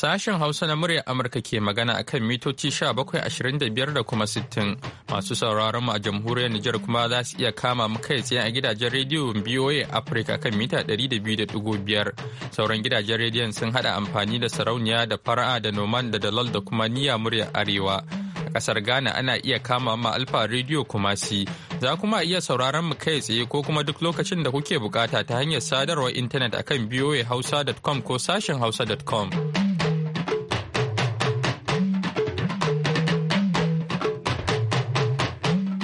Sashen Hausa na muryar Amurka ke magana a kan mitoci 1725 da kuma 60 masu sauraron mu a jamhuriyar Nijar kuma za su iya kama mu kai tsaye a gidajen rediyon BOA Africa kan mita 200.5 sauran gidajen rediyon sun hada amfani da sarauniya da fara'a da noman da dalal da kuma niyya murya Arewa. A kasar Ghana ana iya kama ma Alfa Radio Kumasi za kuma iya sauraron mu kai tsaye ko kuma duk lokacin da kuke bukata ta hanyar sadarwar intanet akan boahausa.com ko sashen hausa.com.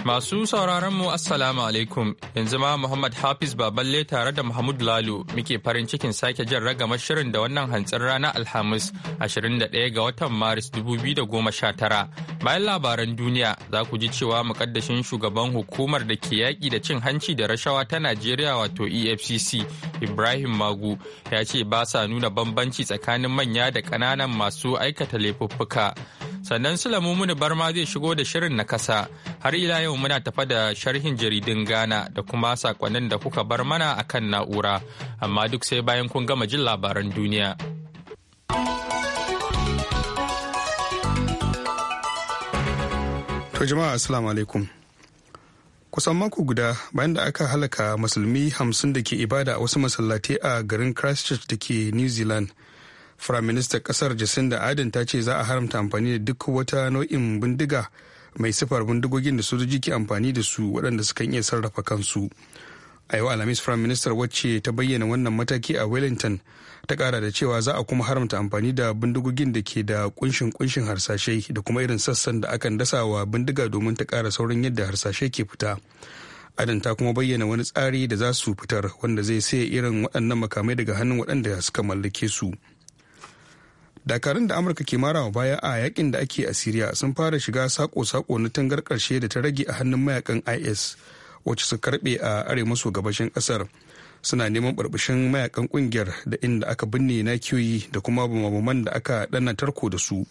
Masu sauraron mu Assalamu alaikum yanzu ma Muhammad Hafiz Baballe tare da Muhammad Lalo muke farin cikin sake jan ragamar shirin da wannan hantsin rana Alhamis 21 ga watan Maris 2019. Bayan labaran duniya za ku ji cewa mukaddashin shugaban hukumar da ke yaƙi da cin hanci da rashawa ta Najeriya wato EFCC Ibrahim Magu ya ce ba sa nuna bambanci tsakanin manya da ƙananan masu aikata laifuffuka. Sannan Sulamu Muni Barma zai shigo da shirin na kasa Har ila yau muna tafa da sharhin jaridin Ghana da kuma sakonnin da kuka bar mana a kan na'ura, amma duk sai bayan kun gama jin labaran duniya. To jama'a assalamu alaikum. Kusan mako guda bayan da aka halaka musulmi hamsin da ke ibada a wasu masallatai a garin Christchurch da ke New Zealand. Firaministan kasar Jacinda Ardern ta ce za a haramta amfani da duk wata nau'in bindiga mai siffar bindigogin da sojoji ke amfani da su waɗanda suka iya sarrafa kansu a yau alhamis prime minister wacce ta bayyana wannan mataki a wellington ta kara da cewa za a kuma haramta amfani da bindigogin da ke da kunshin kunshin harsashe da kuma irin sassan da akan dasa wa bindiga domin ta kara saurin yadda harsashe ke fita adan ta kuma bayyana wani tsari da za su fitar wanda zai saya irin waɗannan makamai daga hannun waɗanda suka mallake su. dakarun da amurka ke marawa baya a yakin da ake a siriya sun fara shiga sako-sako na tangar karshe da ta rage a hannun mayakan is wacce su karbe a arewa maso gabashin kasar suna neman barbashin mayakan kungiyar da inda aka binne na kiyoyi da kuma bamabaman da aka dana tarko da su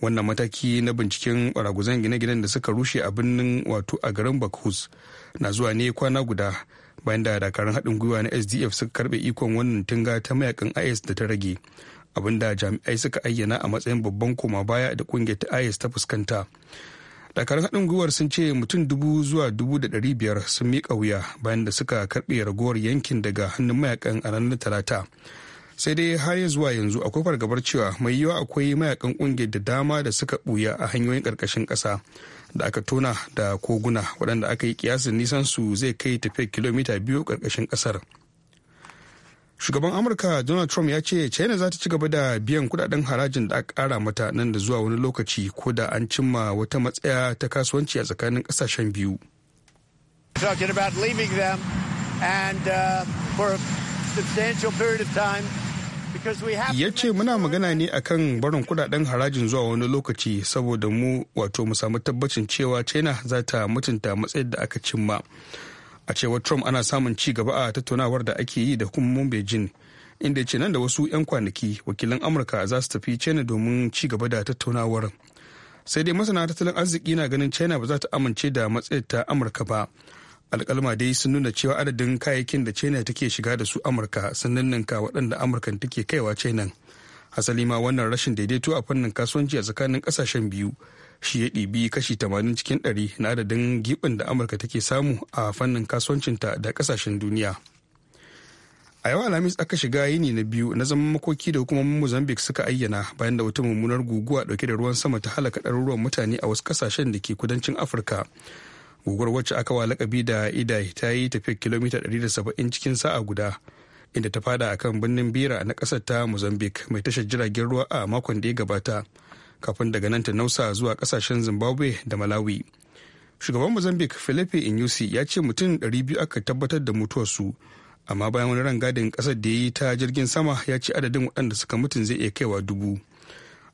wannan mataki na binciken baraguzan gine-ginen da suka rushe a birnin wato a garin bakhus na zuwa ne kwana guda bayan da dakarun haɗin gwiwa na sdf suka karbe ikon wannan tunga ta mayakan is da ta rage da jami'ai suka ayyana a matsayin babban koma baya da kungiyar ta is ta fuskanta dakarun haɗin gwiwar sun ce mutum dubu zuwa dubu da ɗari biyar sun miƙa wuya bayan da suka karɓe ragowar yankin daga hannun mayakan a ranar talata sai dai har ya zuwa yanzu akwai fargabar cewa mai yiwuwa akwai mayakan ƙungiyar da dama da suka ɓuya a hanyoyin ƙarƙashin ƙasa da aka tona da koguna waɗanda aka yi kiyasin nisan su zai kai tafiya kilomita biyu ƙarƙashin ƙasar. shugaban amurka donald trump ya ce china za ta ci gaba da biyan kudaden harajin da aka kara mata nan da zuwa wani lokaci ko da an cimma wata matsaya ta kasuwanci a tsakanin kasashen biyu uh, ya ce muna magana ne akan barin kudaden harajin zuwa wani lokaci saboda mu wato mu samu tabbacin cewa china za ta mutunta matsayin da aka cimma a cewar trump ana samun ci gaba a tattaunawar da ake yi da hukumomin beijing inda ce nan da wasu 'yan kwanaki wakilan amurka za su tafi china domin ci gaba da tattaunawar sai dai masana tattalin arziki na ganin china ba za ta amince da matsayar ta amurka ba alkalma dai sun nuna cewa adadin kayayyakin da china take shiga da su amurka sun ninninka waɗanda amurkan take kaiwa china hasali ma wannan rashin daidaito a fannin kasuwanci a tsakanin ƙasashen biyu shi ya ɗibi kashi tamanin cikin 100 na adadin gibin da amurka take samu a fannin kasuwancinta da kasashen duniya a yau alhamis aka shiga yini na biyu na zama makoki da hukumomin mozambique suka ayyana bayan da wata mummunar guguwa dauke da ruwan sama ta halaka ɗaruruwan mutane a wasu kasashen da ke kudancin afirka guguwar wacce aka wa lakabi da idai ta yi tafiyar kilomita 170 cikin sa'a guda inda ta fada akan birnin bira na ƙasar ta mozambique mai tashar jiragen ruwa a makon da ya gabata kafin daga nan ta nausa zuwa kasashen zimbabwe da malawi shugaban mozambique philippe inyusi ya ce mutum 200 aka tabbatar da mutuwarsu amma bayan wani rangadin kasar da ya yi ta jirgin sama ya ce adadin waɗanda suka mutu zai iya kaiwa dubu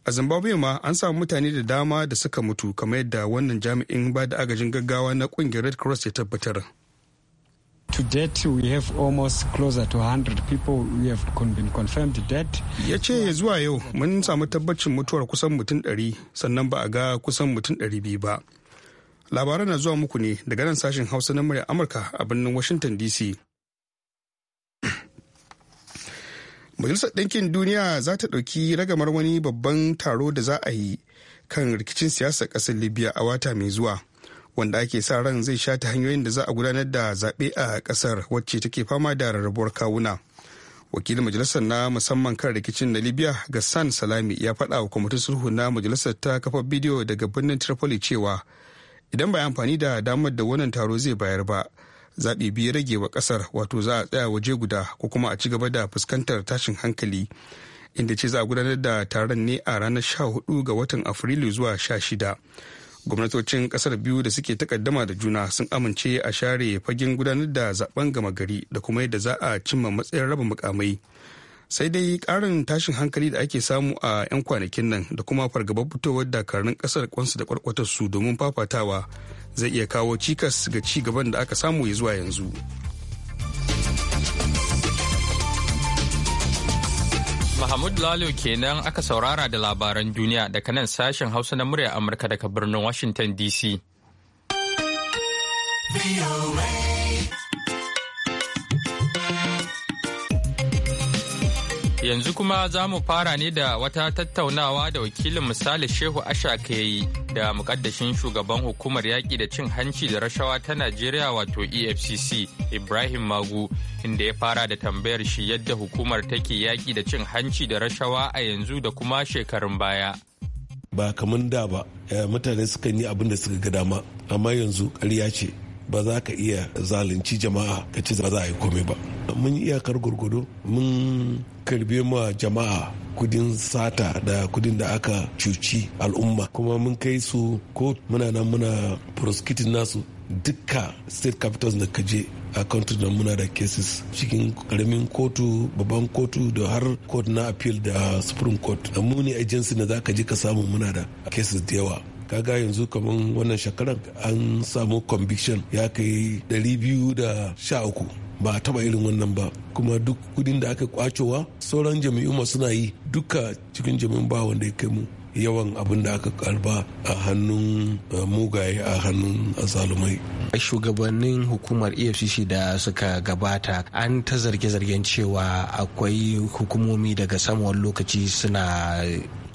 a zimbabwe ma an samu mutane da dama da suka mutu kamar yadda wannan jami'in ba da agajin gaggawa na ƙungiyar red cross ya tabbatar To Ya zuwa yau mun samu tabbacin mutuwar kusan mutum 100 sannan ba a ga kusan mutum 200 ba. Labaran na zuwa muku ne daga nan sashen Hausa na murya Amurka a birnin Washington DC. Majalisar Ɗinkin Duniya za ta ɗauki ragamar wani babban taro da za a yi kan rikicin siyasar ƙasar Libya a wata mai zuwa. wanda ake sa ran zai sha ta hanyoyin da za a gudanar da zaɓe a ƙasar wacce take fama da rarrabuwar kawuna wakilin majalisar na musamman kan rikicin na libya gassan salami ya faɗa wa kwamitin sulhu na majalisar ta kafa bidiyo daga birnin tripoli cewa idan ba amfani da damar da wannan taro zai bayar ba zaɓi biyu rage wa ƙasar wato za a tsaya waje guda ko kuma a ci gaba da fuskantar tashin hankali inda ce za a gudanar da taron ne a ranar 14 ga watan afrilu zuwa 16 gwamnatocin kasar biyu da suke takaddama da juna sun amince a share fagen gudanar da zaben gama gari da kuma yadda za a cimma matsayin raba mukamai sai dai karin tashin hankali da ake samu a 'yan kwanakin nan da kuma fargabar fitowar dakarun kasar kwansu da kwarkwatar su domin fafatawa zai iya kawo cikas ga ci gaban da aka samu ya zuwa yanzu. Mahmud Lalo kenan aka saurara da labaran duniya daga nan sashen Hausa na murya Amurka daga birnin Washington DC. Yanzu kuma za mu fara ne da wata tattaunawa da wakilin misali Shehu Ashaka yi da mukaddashin shugaban hukumar yaƙi da cin hanci da rashawa ta Najeriya wato EFCC Ibrahim Magu inda ya fara da tambayar shi yadda hukumar take yaƙi da cin hanci da rashawa a yanzu da kuma shekarun baya. Ba kamar da ba eh, mutane sukan yi abin da suka ga dama amma yanzu ƙarya ce ba za ka iya zalunci jama'a ka ci ba za a yi komai ba mun yi iyakar gurgudu mun karbe ma jama'a kudin sata da kudin da aka cuci al'umma kuma mun kai su ko muna nan muna prosecuting nasu dukka state capitals da kaje. a country da muna da cases cikin karamin kotu babban kotu da har court na appeal da supreme court da muni agency na za ka je ka samu muna da cases da yawa kaga yanzu kamar wannan shekarar an samu conviction ya kai 213 ba a taba irin wannan ba kuma duk kudin da aka kwacewa sauran jami'u masu yi duka cikin jami'un ba wanda ya kai mu yawan abin da aka karba a hannun eh, mugaye a hannun a shugabannin hukumar efcc da suka gabata an ta zarge-zargen cewa akwai hukumomi daga samuwar lokaci suna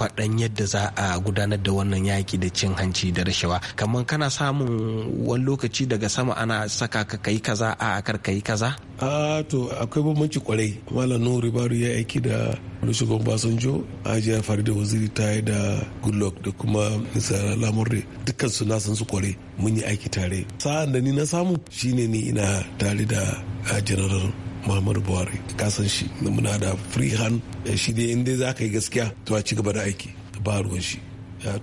faɗan yadda za a gudanar da wannan yaƙi da cin hanci da rashawa kamar kana samun wani lokaci daga sama ana saka ka kai kaza a ka kai kaza a to akwai bambanci kwarai malam nuhu baru ya aiki da olusegun basanjo ajiya da waziri ta yi da goodluck da kuma misali lamurre dukkan su na san su kwarai mun yi aiki tare sa'an da ni na samu shine ni ina tare da ah, general muhammadu buhari san shi muna da free hand eh, shi dai inda za ka yi gaskiya to a ci gaba da aiki ba ruwan shi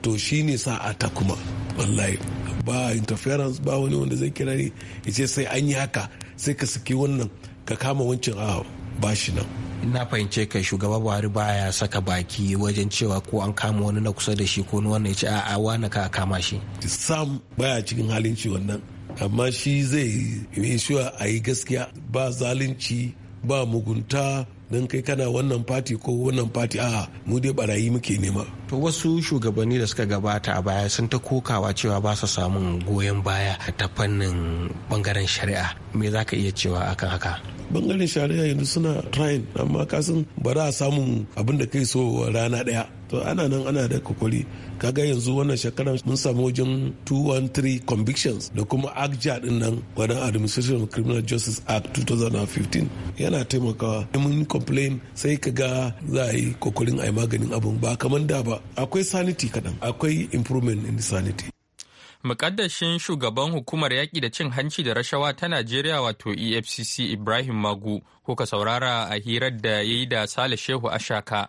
to shi ne sa'a ta kuma wallahi ba interference ba wani wanda zai kira ni ya ce sai an yi haka sai ka saki wannan ka kama wancin a ba shi nan na fahimce kai shugaba buhari baya saka baki wajen cewa ko an kama wani na kusa da shi ko wani ya ce a'a wani ka kama shi sam baya cikin halin shi wannan amma shi zai inshuwa a yi gaskiya ba zalunci ba mugunta don kai kana wannan fati ko wannan fati a mu dai barayi muke nema. To wasu shugabanni da suka gabata a baya sun ta kokawa cewa ba su samun goyon baya ta fannin bangaren shari'a me za ka iya cewa akan haka? Bangaren shari'a yanzu suna trying amma kasan ba za a samun abin da kai so rana daya to ana nan ana da kokari kaga yanzu wannan shekarar mun samu wajen 213 convictions da kuma akja din nan wadanda administration criminal justice act 2015 yana taimakawa mun complain sai ka ga za a yi kokarin a yi maganin abin ba kamar da ba akwai sanity kadan akwai improvement in sanity mukaddashin shugaban hukumar yaƙi da cin hanci da rashawa ta najeriya wato efcc ibrahim magu kuka saurara a hirar da ya yi da sale shehu ashaka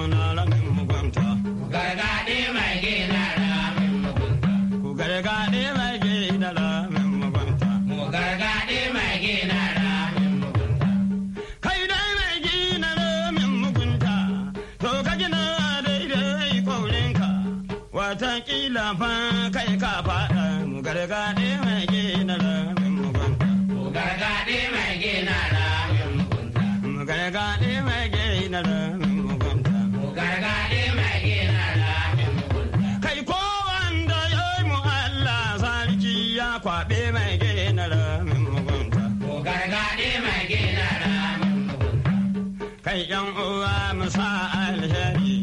jama'a alheri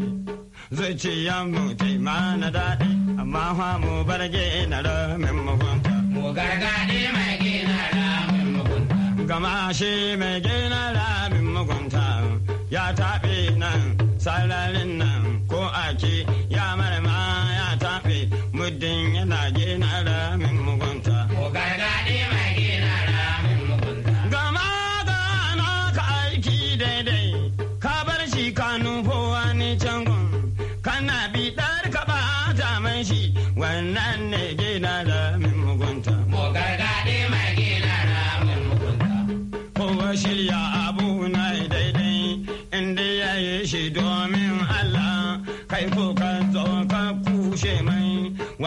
zai ce ya mu taima na daɗi amma fa mu barge na ramin mugunta. Mu gargaɗi mai gina ramin mugunta. Gama shi mai gina ramin mugunta ya taɓe nan sararin nan ko ake ya marama ya taɓe muddin yana gina ramin mugunta.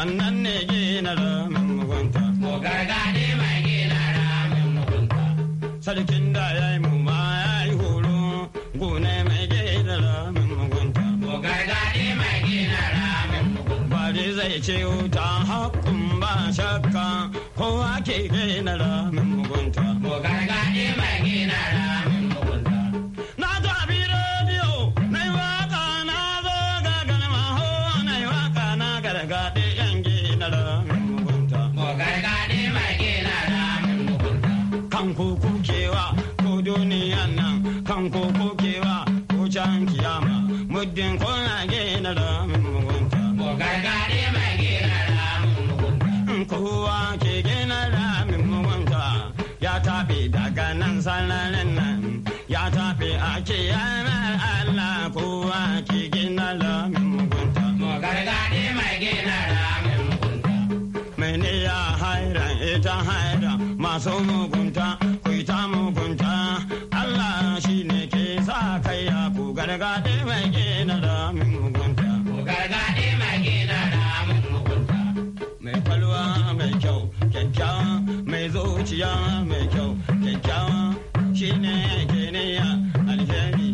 wannan ne gina ramin mugunta. Mu mai gina ramin mugunta. Sarkin da ya yi mu ma ya yi horo gune mai gina ramin mugunta. Mu mai gina ramin mugunta. Bari zai ce wuta haƙƙun ba shakka kowa ke gina ramin mugunta. Mu mai gina ramin kan ko kokewa ko can kiyama muddin ko na gina ramin mugunta. Ko gargadi mai gina ramin mugunta. Kowa ke gina ramin mugunta ya tafi daga nan sanarin nan ya tafi a kiyamar Allah Ko wa ke gina ramin mugunta. Ko gargadi mai gina ramin mugunta. ne ya haira ita haira masu mugunta ku ita mugunta. na kai ya ku gargaɗe mai gina ramin mugunta. Ku gargaɗe mai gina ramin mugunta. Mai kwalwa mai kyau, kyakkyawa mai zuciya mai kyau, kyakkyawa shine ne alheri.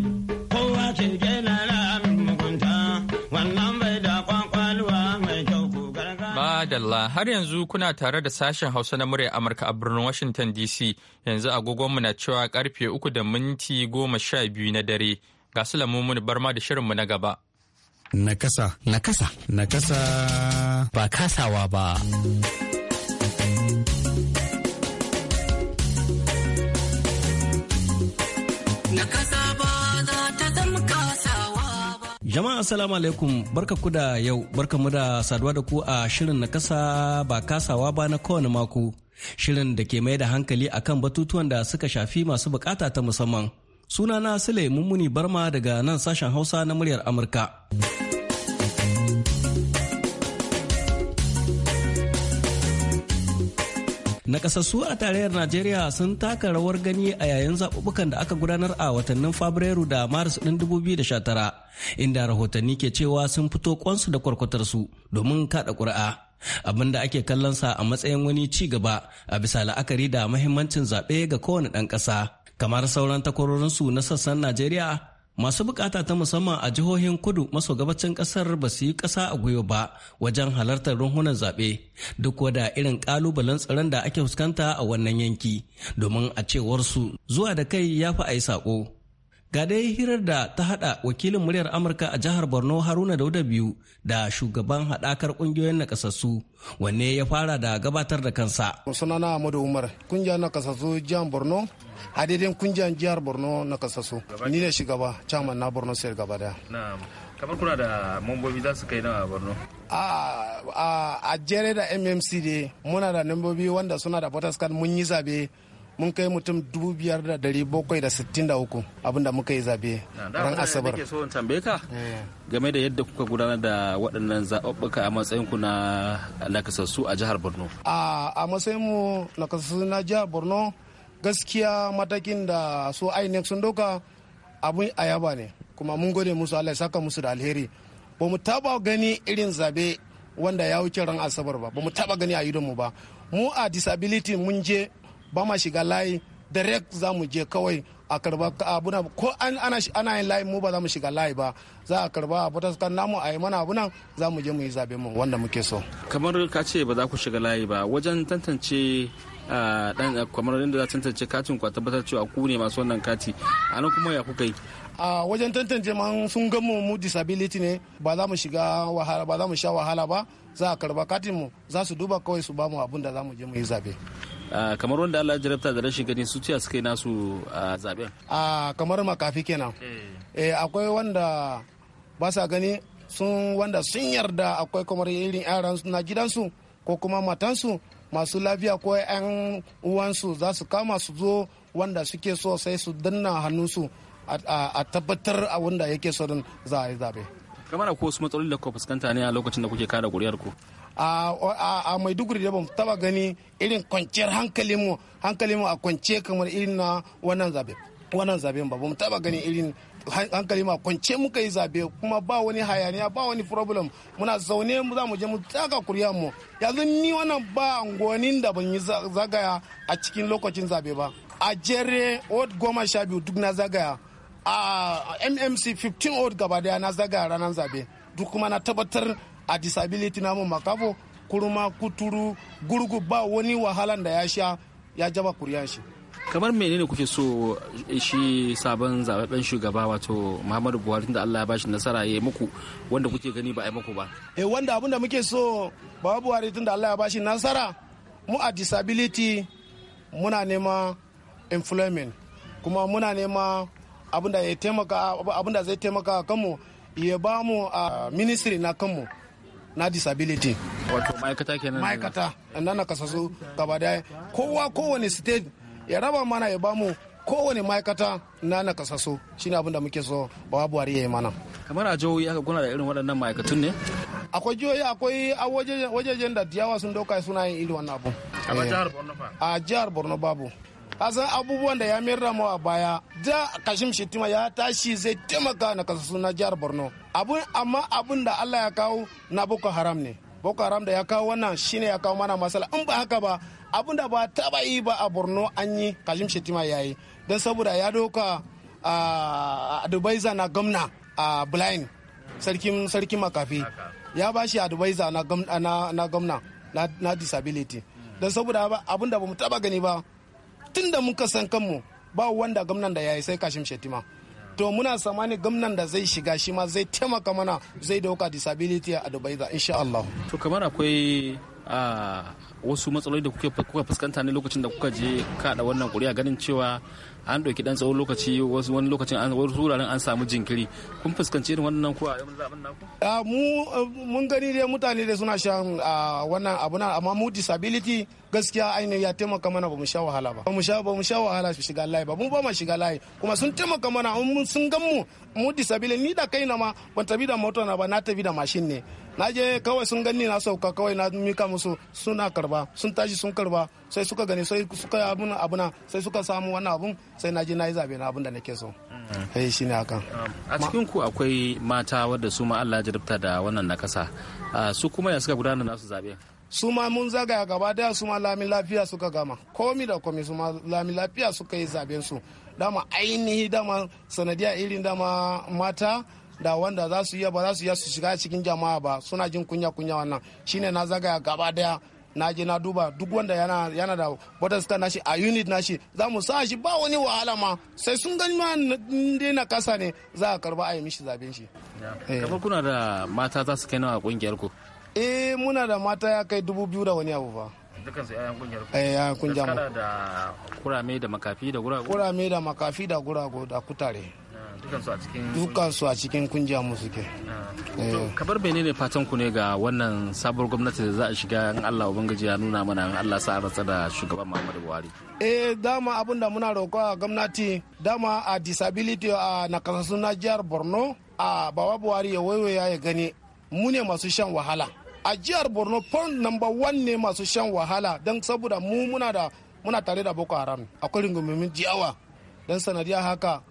Madalla har yanzu kuna tare da sashen Hausa na murya Amurka a birnin Washington DC yanzu agogonmu na cewa karfe uku da minti goma sha biyu na dare ga su bar barma da shirinmu na gaba. Nakasa. Nakasa. Nakasa. Ba kasawa ba. Nakasa. Jama'a assalamu alaikum barka ku da yau barka mu da saduwa da ku a shirin na kasa ba kasawa ba na kowane mako shirin da ke mai da hankali akan batutuwan da suka shafi masu bukata ta musamman sunana Sule Mummuni Barma daga nan sashen Hausa na muryar Amurka. Nakasassu a tarayyar Najeriya sun taka rawar gani a yayin zaɓuɓɓukan da aka gudanar a watannin Fabrairu da Maris ɗin 2019, inda rahotanni ke cewa sun fito kwansu da kwarkwatarsu domin kaɗa ƙuri'a. abin da ake kallonsa a matsayin wani ci gaba a bisa la'akari da mahimmancin zaɓe ga kowane ɗan ƙasa kamar sauran takwarorinsu na sassan najeriya masu bukata ta musamman a jihohin kudu maso gabacin kasar ba su yi kasa a gwiwa ba wajen halartar runhunan zaɓe duk wada irin kalubalen tsaron da ake fuskanta a wannan yanki domin a cewar su zuwa da kai ya fi a yi saƙo Ga dai hirar da ta hada wakilin muryar Amurka a jihar Borno Haruna Dauda biyu da shugaban hadakar kungiyoyin nakasassu wanne ya fara da gabatar da kansa. Sunana Amadu Umar, kungiyar nakasassu jihar Borno, daidai kungiyar jihar Borno nakasassu. Ni ne shugaba, chairman na Borno State gaba daya. kamar kuna da mambobi za su kai a borno a jere da mmc dai muna da mambobi wanda suna da voters card mun yi zabe mun kai mutum dubu biyar da da da dari sittin uku abinda muka yi zabe ran asabar da so tambaye ka eh. game da yadda kuka gudanar da waɗannan zaɓuɓɓuka a matsayin ku na nakasassu a jihar borno a matsayin mu nakasassu na jihar borno gaskiya matakin da su inec sun doka abin ayaba ne kuma mun gode musu allah ya saka musu da alheri ba mu taba gani irin zabe wanda ya wuce ran asabar ba ba mu taba gani a idonmu ba mu a disability mun je ba ma shiga layi direct za mu je kawai a karba abuna ko ana yin layi mu ba za mu shiga layi ba za a karba a ta sukan namu a yi mana abuna za mu je mu yi zabe mu wanda muke so kamar ka ce ba za ku shiga layi ba wajen tantance dan ah, ah, kamar inda za tantance katin ku a tabbatar cewa ku ne masu wannan kati a nan kuma ya kuka yi a wajen tantance man sun mu mu disability ne ba za mu shiga wahala ba za mu sha wahala ba za a karba katin mu za su duba kawai su ba mu abun da za mu je mu yi zabe Ah, kamar wanda Allah jarabta da rashin gani su tiya suka yi nasu ah, zaben a ah, kamar makafi kenan eh. Eh, akwai wanda ba sa gani sun wanda sun yarda akwai kamar irin yaran na gidansu ko kuma matansu masu lafiya ko 'yan uwansu za su kama su zo wanda suke so sai su danna hannunsu a tabbatar a wanda yake so za a yi zabe kamar akwai wasu matsaloli da kuka fuskanta ne a lokacin da kuke kada ƙuri'ar ku a maiduguri da mu taba gani irin kwanciyar hankalinmu hankalinmu a kwance kamar irin na wannan zabe wannan zabe ba ba mu taba gani irin hankali ma kwance muka yi zabe kuma ba wani hayaniya ba wani problem muna zaune mu za mu je mu taka kuriya mu yanzu ni wannan ba angonin da ban yi zagaya a cikin lokacin zabe ba a jere Old goma sha biyu duk na zagaya a mmc 15 Old gaba daya na zagaya ranar zabe duk kuma na tabbatar a disability namu makabo kuruma kuturu gurgu ba wani wahalan da ya sha ya jaba kuriyan shi kamar menene kuke so eh, shi sabon zababben shugaba wato muhammadu buhari da allah ya bashi nasara ya muku wanda kuke gani ba a yi muku ba e wanda abin da muke so ba buhari da allah ya bashi nasara mu a disability muna nema employment kuma muna nema abin da zai taimaka kanmu ya ba mu a ministry na kanmu na disability wato ma'aikata kenan ma'aikata nan na su gaba daya kowa kowane state ya raba mana ya bamu kowane ma'aikata na na su shine abin da muke so ba buhari ya yi mana kamar a jihohi aka kuna da irin waɗannan ma'aikatun ne akwai jihohi akwai a wajejen da diyawa sun dauka suna yin irin wannan abu eh, a jihar borno babu kasan abubuwan da ya mayar da a baya da kashim shittima ya tashi zai taimaka na kasasu na jihar borno abun amma abun da Allah ya kawo na boko haram ne boko haram da ya kawo wannan shine ya kawo mana masala in ba haka ba abun da ba taba yi ba a borno an yi kashim shetima ya yi don saboda ya doka a adubaiza na gwamna a blind sarkin sarkin makafi ya ba shi adubaiza na gwamna na disability don saboda abun da ba mu taba gani ba tun da muka san kanmu ba wanda gwamnan da ya yi sai kashim shetima to muna tsammanin gwamnan da zai shiga shi ma zai taimaka mana zai dauka disability a dubaiza insha Allah to kamar akwai a wasu matsaloli da kuka fuskanta ne lokacin da kuka je kaɗa wannan kuri'a ganin cewa an ɗauki ɗan tsawon lokaci wasu wani lokacin an wasu wuraren an samu jinkiri kun fuskanci irin wannan ko a yau zaben naku mu eh, mun gani dai mutane da suna shan wannan abu na amma mu disability gaskiya ainihin ya taimaka mana ba mu sha wahala ba ba mu sha ba mu sha wahala su shiga layi ba mu ba ma shiga layi kuma sun taimaka mana sun gan mu mu disability ni da na ma ban tabi da mota na ba na tabi da mashin ne na je kawai sun gani na sauka kawai na mika musu suna karba sun tashi sun karba sai suka gani sai suka abun abuna sai suka samu wannan abun sai na je na yi zabe na abun da nake so mm. eh, sai ne hakan um, a cikin ku akwai mata wadda su ma Allah jarabta da wannan nakasa ah, su kuma ya suka gudanar nasu zabe su ma mun zagaya gaba daya su ma lami lafiya suka gama komi da komi su ma lami lafiya suka yi zaben su dama ainihi dama sanadiya irin dama mata da wanda za su iya ba za su iya su shiga cikin jama'a ba suna jin kunya kunya wannan shine na zagaya gaba daya na je na duba duk wanda yana yana da water star nashi a unit nashi za mu sa shi ba wani wahala ma sai sun gani ma dai na kasa ne za a karba a yi mishi zaben shi eh. kamar kuna da mata za su kai nawa kungiyar ku eh muna da mata ya kai dubu biyu da wani abu fa dukansu yayan kungiyar ku eh yayan da kurame da makafi da gurago kurame da makafi da gurago da kutare su a cikin kungiya mu suke ah. eh. kabar ne fatan ku ne ga wannan sabuwar gwamnati da za a shiga in Allah ubangiji ya nuna mana in Allah sa rantsa da shugaban Muhammadu Buhari eh dama abin da muna roƙo a gwamnati dama a disability a nakasassu na jihar Borno a Baba Buhari ya waiwaya ya gani mu ne masu shan wahala a jihar borno point number one ne masu shan wahala don saboda mu muna da muna tare da boko haram akwai rungumin jiyawa don sanadiyar haka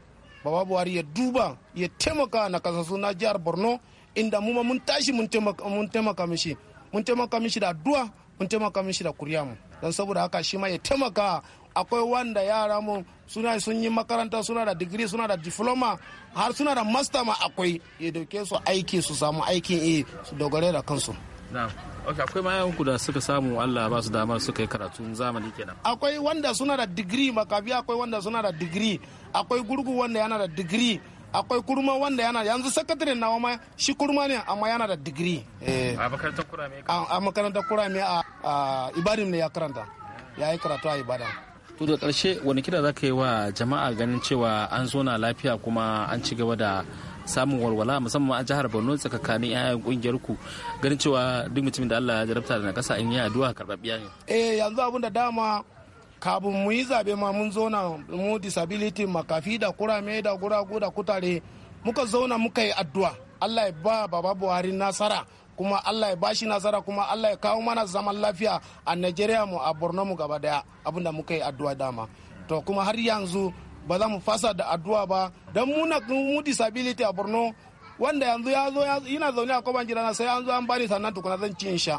baba buhari ya duba ya taimaka na kasansu na jihar borno inda mu ma mun tashi mun taimaka mishi mun taimaka mishi da addu'a mun taimaka mishi da kuriya mu don saboda haka shi ma ya taimaka akwai wanda yara mu suna sun yi makaranta suna da digiri suna da diploma har suna da master ma akwai ya dauke su aiki su samu aikin e su dogare da kansu ok akwai mayan ku da suka samu Allah ba su damar suka yi karatun zamani kenan akwai wanda suna da digiri makabi akwai wanda suna da digiri akwai gurgu wanda yana da digiri akwai kurma wanda yana yanzu sakatare na ma shi kurma ne amma yana da digiri eh. a makarantar kurame a makarantar a ibadan ne ya karanta ya yi karatu a ibadan to da karshe wani kira za ka yi wa jama'a ganin cewa an zo na lafiya kuma an ci gaba da samun walwala musamman a jihar Borno tsakakanin 'ya'yan kungiyar ku ganin cewa duk mutumin da Allah ya jarabta da na kasa in yi addu'a karɓaɓɓiya ne. Eh yanzu abun da dama kafin mu yi zabe ma mun zauna mu disability makafi da kurame da guragu da kutare muka zauna muka yi addu'a Allah ya ba baba Buhari nasara kuma Allah ya bashi nasara kuma Allah ya kawo mana zaman lafiya a Najeriya mu a Borno mu gaba daya abinda muka yi addu'a dama to kuma har yanzu ba za mu fasa da addu'a ba don muna mu disability a borno wanda yanzu ya zo yana zaune a kwaban gidana sai an zo an bani sannan tukuna zan ci sha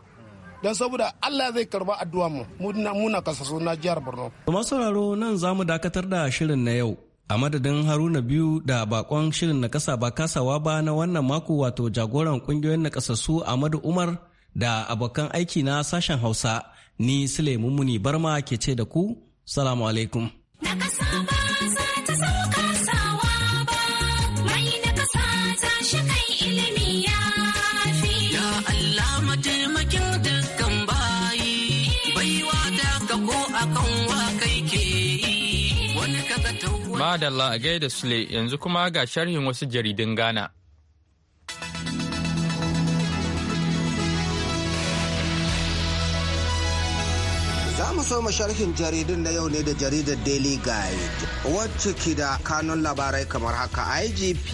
don saboda Allah zai karba addu'a mu muna kasasu na jihar Borno. sauraro nan za mu dakatar da shirin na yau a madadin Haruna biyu da bakon shirin na kasa ba kasawa ba na wannan mako wato jagoran kungiyoyin na kasasu Ahmadu Umar da abokan aiki na sashen Hausa ni Sule Mumuni Barma ke ce da ku salamu alaikum. Na kasa ba Madalla a gaida Sule yanzu kuma ga sharhin wasu jaridun Ghana. Za mu so sharhin jaridun na yau ne da jaridar Daily Guide. Wacce ke da kanun labarai kamar haka IGP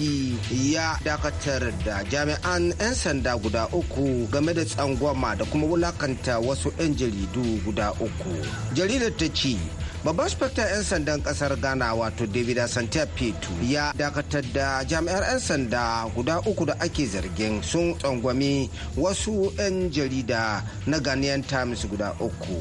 ya dakatar da jami'an 'yan sanda guda uku game da tsangwama da kuma wulakanta wasu 'yan jaridu guda uku. Jaridar ta ce babban spectre 'yan sandan kasar ghana wato david Asantia petu ya dakatar da jami'ar 'yan sanda guda uku da ake zargin sun tsangwami wasu 'yan jarida na ghanaian times guda uku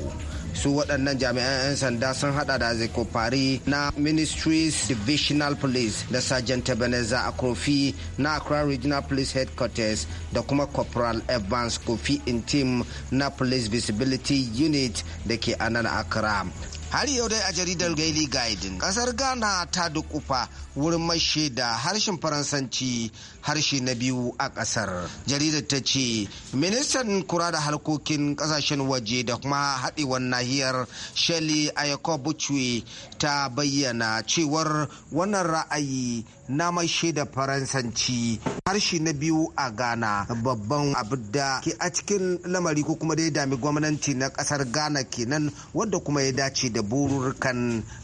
su waɗannan jami'an 'yan sanda sun hada da zekofari na ministries divisional police da sergeant ebenezer akrofi na accra regional police headquarters da kuma corporal evans kofi intim na police visibility unit da ke anan accra har yau dai a jaridar daily guiding kasar ghana ta dukufa wurin mashe da harshen faransanci harshe na biyu a kasar jaridar ta ce ministan kura da harkokin kasashen waje da kuma haɗewar nahiyar shelly ayako ta bayyana cewar wannan ra'ayi na mashe da faransanci harshe na biyu a ghana babban abuda ke a cikin lamari ko kuma dai ya dami gwamnati na kasar ghana kenan wadda kuma ya dace da da bururukan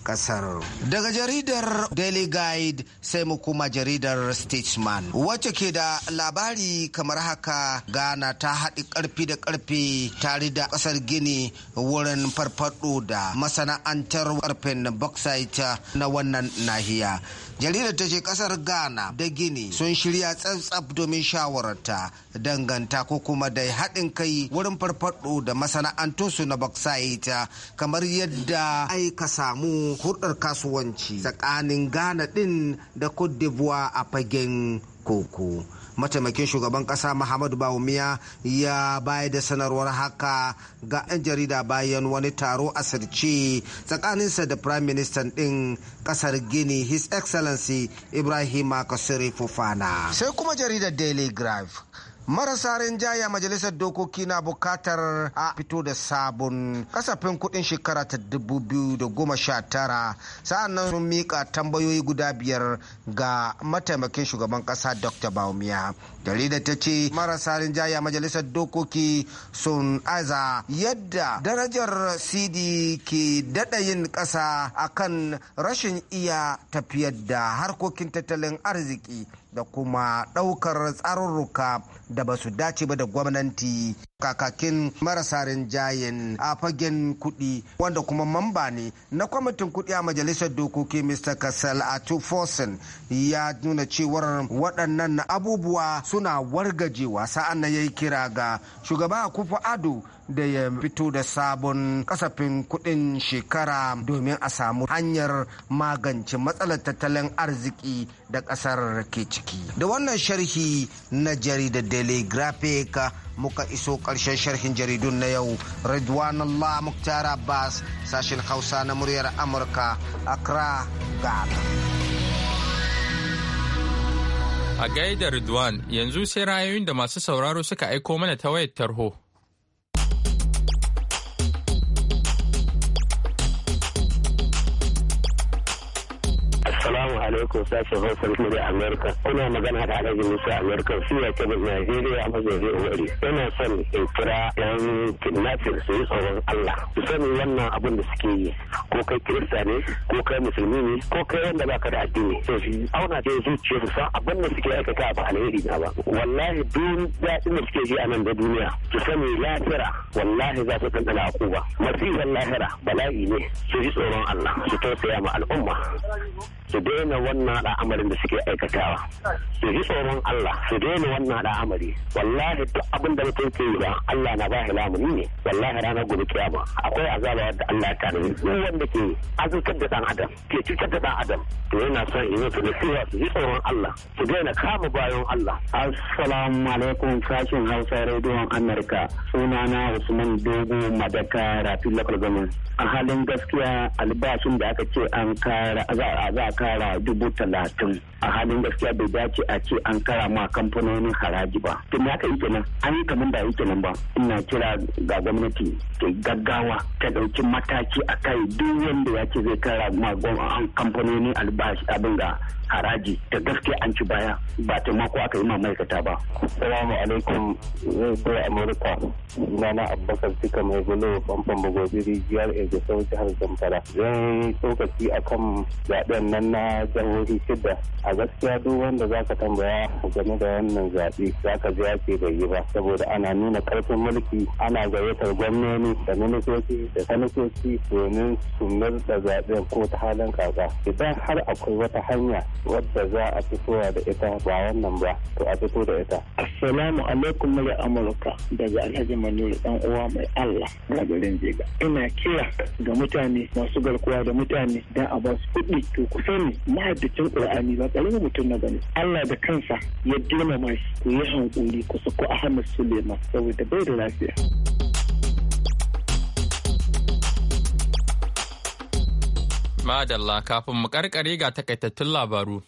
kasar. Daga jaridar Daily Guide sai mu kuma jaridar Statesman wacce ke da labari kamar haka gana ta haɗi ƙarfi da ƙarfi tare da ƙasar Gini wurin farfaɗo da masana'antar ƙarfin bauxite na wannan nahiya. jaridar ta ce ƙasar ghana da gini sun shirya tsaf domin shawararta danganta ko kuma da haɗin kai wurin farfaɗo da masana'antunsu na bauxite kamar yadda ai ka samu hurɗar kasuwanci tsakanin ghana ɗin da cote d'ivoire a fagen koko mataimakin shugaban kasa muhammadu bawumiya ya bayar da sanarwar haka ga 'yan jarida bayan wani taro a sirce tsakaninsa da prime minister din kasar gini his excellency ibrahim makasiri fufana sai kuma jaridar daily graph marasa rinjaya majalisar dokoki na bukatar a fito da sabon kasafin kudin shekara ta 2019 sa'an nan sun mika tambayoyi guda biyar ga mataimakin shugaban ƙasa dr baumia jaridar ta ce marasa rinjaya majalisar dokoki sun aza yadda darajar cd ke daɗa yin ƙasa akan rashin iya tafiyar da harkokin tattalin arziki da kuma ɗaukar tsarurruka da ba su dace ba da gwamnati kakakin marasa rinjayen a fagen kuɗi wanda kuma mamba ne na kwamitin kuɗi a majalisar dokoki mr a atufosin ya nuna cewar waɗannan abubuwa suna wargajewa sa'an na ya yi kira ga shugaba kufa ado da ya fito da sabon kasafin kuɗin shekara domin a samu hanyar magance matsalar tattalin arziki da ƙasar ke ciki. Da wannan sharhi na jaridar Daily Graphic muka iso ƙarshen sharhin jaridun na yau. redwan Allah Muktar Abbas sashen Hausa na muryar Amurka, Accra, Ghana. A gaida Ridwan yanzu sai ra'ayoyin da masu sauraro suka aiko mana ta wayar tarho. alaikum sashen hausar murya amurka kuna magana da alhaji musa amurka su ya ce bin najeriya mazaje umari yana son in kira yan kidnapping su yi tsoron allah su sani wannan abin da suke yi ko kai kirista ne ko kai musulmi ne ko kai wanda baka da addini to shi auna da zuciya su san abin da suke aikata ba alheri na ba wallahi duk daɗin da suke ji a nan da duniya su sani lafira wallahi za su a akuba masifan lahira bala'i ne su yi tsoron allah su tausaya ma al'umma su daina wannan al'amarin da suke aikatawa su ji tsoron Allah su daina wannan al'amari wallahi duk abin da mutum ke yi ba Allah na ba shi lamuni ne wallahi ranar gobe kiyama akwai azaba da Allah ta nuna duk wanda ke azurkar da dan adam ke cutar da dan adam to yana son in yi su da su ji tsoron Allah su daina kama bayan Allah assalamu alaikum sashin Hausa rediyon Amurka sunana Usman Dogo Madaka Rafi Lokal Gwamnati a halin gaskiya albashin da aka ce an kara za a kara dubu dubu talatin a halin gaskiya bai dace a ce an kara ma kamfanonin haraji ba tun me haka yake nan an yi kamar da yake nan ba ina kira ga gwamnati ta gaggawa ta dauki mataki a kai duk wanda ya ce zai kara ma kamfanonin albashi abin da haraji ta gaske an ci baya ba ta mako aka yi ma ma'aikata ba. Salamu alaikum zai ko Amurka na na Abubakar cika mai gulo famfan bagobiri Jihar Ege sau jihar Zamfara. Zai tsokaci akan zaɓen nan na jihohi shida a gaskiya duk wanda za ka tambaya game da wannan zaɓe za ka ji ake bai yi ba saboda ana nuna ƙarfin mulki ana gayyatar gwamnoni da ministoci da sanatoci domin su murɗa zaɓen ko ta halin kaza idan har akwai wata hanya wadda za a fitowa da ita ba wannan ba to a fito da ita. assalamu alaikum mai amurka daga alhaji manuru dan uwa mai allah na garin jega ina kira ga mutane masu garkuwa da mutane dan a ba su kuɗi to ku sani ma'aikacin ƙur'ani ba karamin mutum na gani Allah da kansa ya dole shi ku yi hankuri ku sako Ahmad Suleiman saboda bai da lafiya Madalla kafin mu karkare ga takaitattun labaru.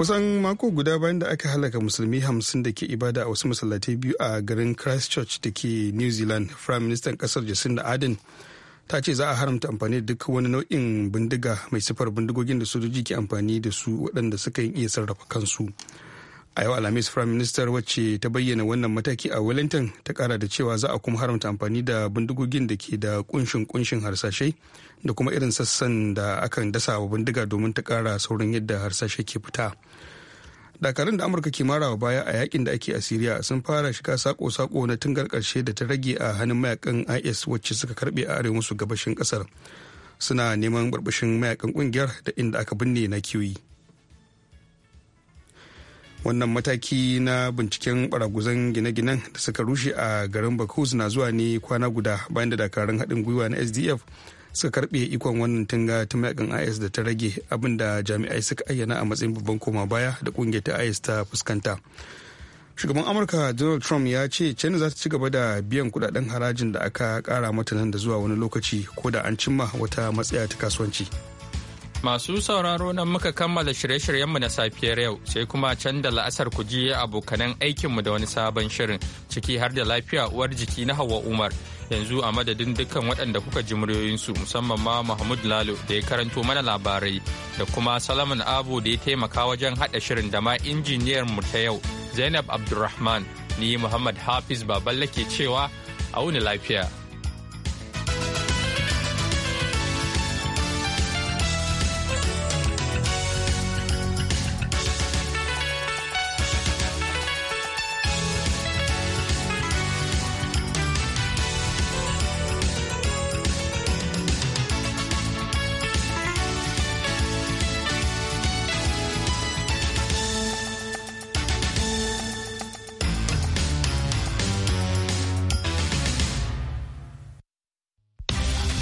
Kusan mako guda bayan da aka halaka musulmi hamsin da ke ibada a wasu masallatai biyu a garin Christchurch da ke New Zealand, Prime Minister kasar Jacinda Ardern ta ce za a haramta amfani da duk wani nau'in bindiga mai sifar bindigogin da sojoji ke amfani da su waɗanda suka yi iya sarrafa kansu a yau alhamis prime minister wacce ta bayyana wannan mataki a wellington ta kara da cewa za a kuma haramta amfani da bindigogin da ke da kunshin kunshin harsashe da kuma irin sassan da akan dasa wa bindiga domin ta kara saurin yadda harsashe ke fita dakarun da amurka ke marawa baya a yakin da ake a siriya sun fara shiga sako-sako na tungar karshe da ta rage a hannun mayakan is wacce suka karbe a arewa su gabashin kasar suna neman barbashin mayakan kungiyar da inda aka binne na kiwi wannan mataki na binciken baraguzan gine-ginen da suka rushe a garin bakus na zuwa ne kwana guda bayan da dakarun haɗin gwiwa na sdf suka karbe ikon wannan tunga ta mayakan is da ta rage abinda jami'ai suka ayyana a matsayin babban koma baya da kungiyar ta is ta fuskanta shugaban amurka donald trump ya ce china za ta ci gaba da biyan kudaden harajin da aka kara mata nan da zuwa wani lokaci ko da an cimma wata matsaya ta kasuwanci masu sauraro nan muka kammala shirye-shiryenmu na safiyar yau sai kuma can da la'asar ku je abokanan aikinmu da wani sabon shirin ciki har da lafiya uwar jiki na hawa umar yanzu a madadin dukkan waɗanda kuka ji muryoyinsu musamman ma Mahmud Lalo da ya karanto mana labarai da kuma Salaman Abu da ya taimaka wajen haɗa shirin da ma injiniyar mu ta yau Zainab Abdulrahman ni Muhammad Hafiz Baballe ke cewa a wuni lafiya.